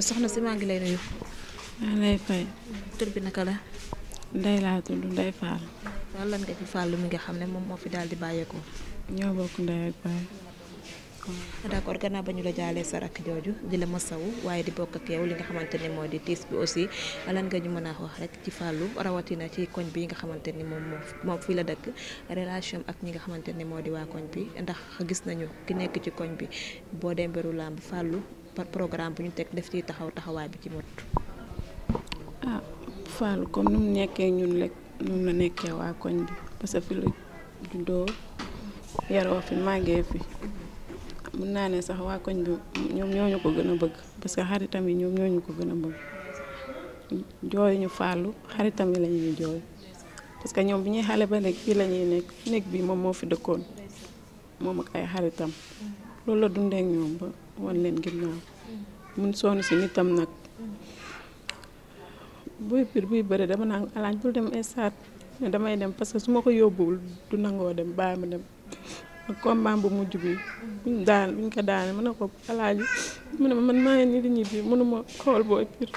soxna si maa ngi lay nuyu. maa lay fay. tur bi naka la. Ndeye laa tudd Ndeye Fall. waaw lan nga ci Fall mi nga xam ne moom moo fi daal di bàyyeekoo. ñoo bokk Ndeye ak ba ñu la jaalee sa rakk jooju di la masawu waaye di bokk ak yow li nga xamante ni moo di tiis bi aussi lan ñu mën a wax rek ci Fallou rawatina ci koñ bi nga xamante ni moo fii la dëkk relation ak ñi nga xamante ni moo di waa koñ bi ndax gis nañu ki nekk ci koñ bi boo demberu làmb Fallou par programme bu ñu teg def ci taxaw taxawaay bi ci mot. ah Fallou comme ni mu nekkee ñun lekk ñun la nekkee waa koñ bi parce que fi la juddoo yaroo fi màggee fi mun naa ne sax waa koñ bi ñoom ñoo ñu ko gën a bëgg parce que xaritam yi ñoom ñoo ñu ko gën a bëgg jooy ñu Fallou xaritam yi la ñuy jooy parce que ñoom bi ñuy xale ba nekk kii la ñuy nekk néeg bi moom moo fi dëkkoon moom ak ay xaritam loolu la dundee ñoom wan leen ginnaaw mun sonn si nitam nag booy biir buy bëri dama naan alaaj bul dem estaat ne damay dem parce que su ma ko yóbbuwul du nangoo dem bàyyi ma dem ak combat bu mujj bi buñ daan buñ ko daane mën na ko alaaj mu ne ma man maa ngi ñibbi mënuma xool booy biir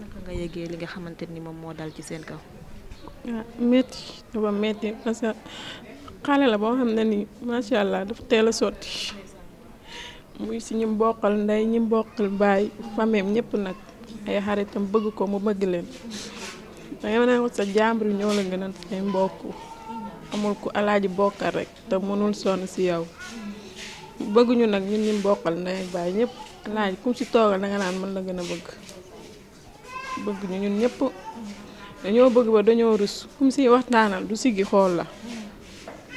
naka nga yëgee li nga xamante ni moom moo dal ci seen kaw. ah dafa métti parce xale la boo xam ne nii macha allah dafa teel a sotti muy si ñi bokkal ndey ñi bokkal baay fameem ñëpp nag ay xaritam bëgg ko mu bëgg leen danga mën a sa jàmbur ñoo la gën a mbokk amul ku alaaji bokkal rek te mënul sonn si yow bëgguñu nag ñun ñi bokkal ndey baay ñëpp alaaji kum si toogal danga naan mën la gën a bëgg bëgguñu ñun ñëpp dañoo bëgg ba dañoo rus kum si waxtaanal du siggi xool la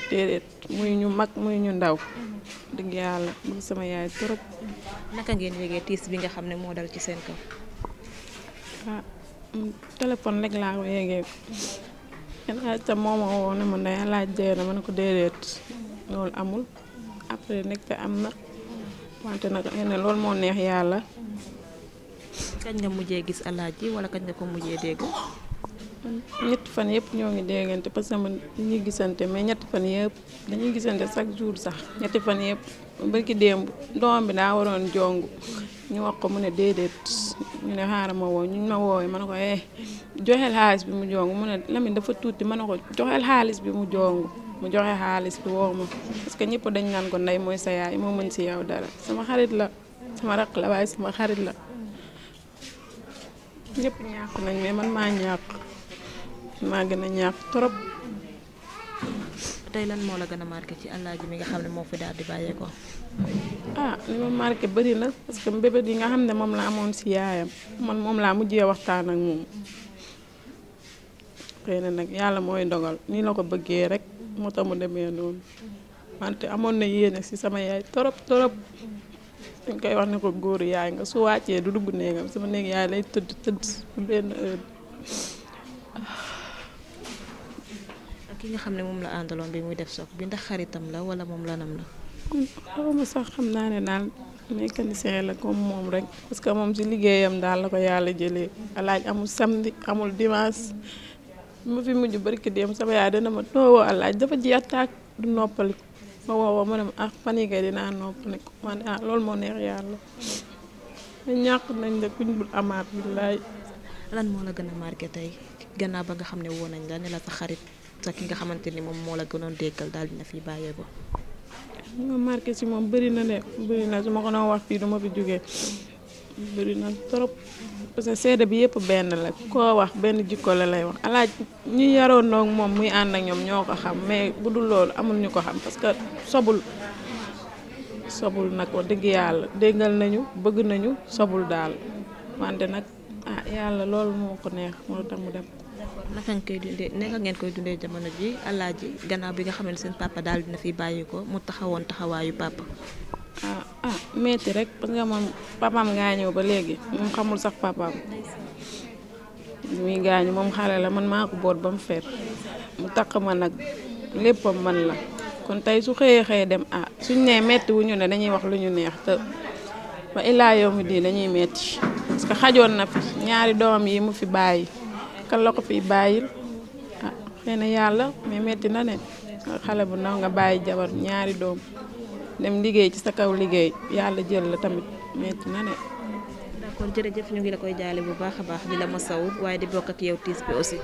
déedéet muy ñu mag muy ñu ndaw. dëgg yàlla bëgg sama yaay trop. naka ngeen yëgee tiis bi nga xam ne moo dal ci seen kaw. ah téléphone rek laa ko yëgee El Hadj Thiam moo ma woo ma ne El Hadj Dieng ma ne ko déedéet loolu amul après nag te am na wante nag xëy loolu moo neex yàlla. kañ nga mujjee gis El Hadj wala kañ nga ko mujjee dégg. ñett fan yëpp ñoo ngi déggante parce que man ñuy gisante mais ñetti fan yëpp dañuy gisante chaque jour sax ñetti fan yëpp barki démb doom bi daa waroon jong ñu wax ko mu ne déedéet ñu ne xaaral ma woo ñu ma woowee ma ne ko eh joxeel xaalis bi mu jong mu ne dafa tuuti ma ne ko joxeel xaalis bi mu jong mu joxe xaalis bi woo ma parce que ñëpp dañ naan ko ndey mooy sa yaay moom mañ si yow dara sama xarit la sama raq la waaye sama xarit la ñëpp ñàkk nañ mais man maa ñàkk maa gën a ñaax trop. tey lan moo la gën a marqué ci alaaji mi nga xam ne moo fi daal di bàyyeekoo. ah li ma marqué bëri na parce que mbébét yi nga xam ne moom la amoon si yaayam man moom laa mujjee waxtaan ak moom xëy na nag yàlla mooy dogal nii la ko bëggee rek moo mu demee noonu wante amoon na yéene si sama yaay torop torop dañ koy wax ne ko góor yaay nga su wàccee du dugg néegam sama néeg yaay lay tëdd tëdd benn ki nga xam ne moom la àndaloon bi muy def soog bi ndax xaritam la wala moom lanam la. sax xam naa ne daal mécanicien la comme moom rek parce que moom ci liggéeyam daal la ko yàlla jëlee alaaj amul samedi amul dimanche mu fi sama dana ma toowoo alaaj dafa du noppali ma woowoo ah, ah, moo neex nañ la kuñ bul amaat billaay lan gën a marqué tey gannaaw ba nga xam ne woo nañ la ne la sa xarit. nag ki nga xamante ni moom moo la gënoon déggal daal dina fi bàyyee ko. ma marqué si moom bëri na de bëri na su ma ko doon wax fii du bi fi jógee bëri na trop parce que seede bi yëpp benn la ko wax benn jikko la lay wax alaaj ñu yaroon noog moom muy ànd ak ñoom ñoo ko xam mais bu dul loolu amul ñu ko xam parce que sobul sobul nag ko dëgg yàlla déggal nañu bëgg nañu sobul daal wante nag. ah yàlla loolu moo ko neex moo tax mu dem. d'accord naka ngeen koy dundee naka ngeen koy dundee jamono ji alaaji gannaaw bi nga xam seen papa daal dina fi bàyyi ko mu taxawoon taxawaayu papa. ah ah metti rek parce que moom papaam ba léegi moom xamul sax papaam. muy moom xale la man maa ko boot ba mu fer mu taq ma nag léppam man la kon tey su xëyee xëyee dem ah suñ nee metti wu ñu ne dañuy wax lu ñu neex te ba illaa yow di dañuy metti parce que xajoon na fi ñaari doom yi mu fi bàyyi kan la ko fi bàyyil ah xëy na yàlla mais metti na ne xale bu ndaw nga bàyyi jabar ñaari doom dem liggéey ci sa kaw liggéey yàlla jël la tamit metti na ne. ñu ngi la koy jaale bu baax a baax di la ma masawu waaye di bokk ak yow tiis bi aussi.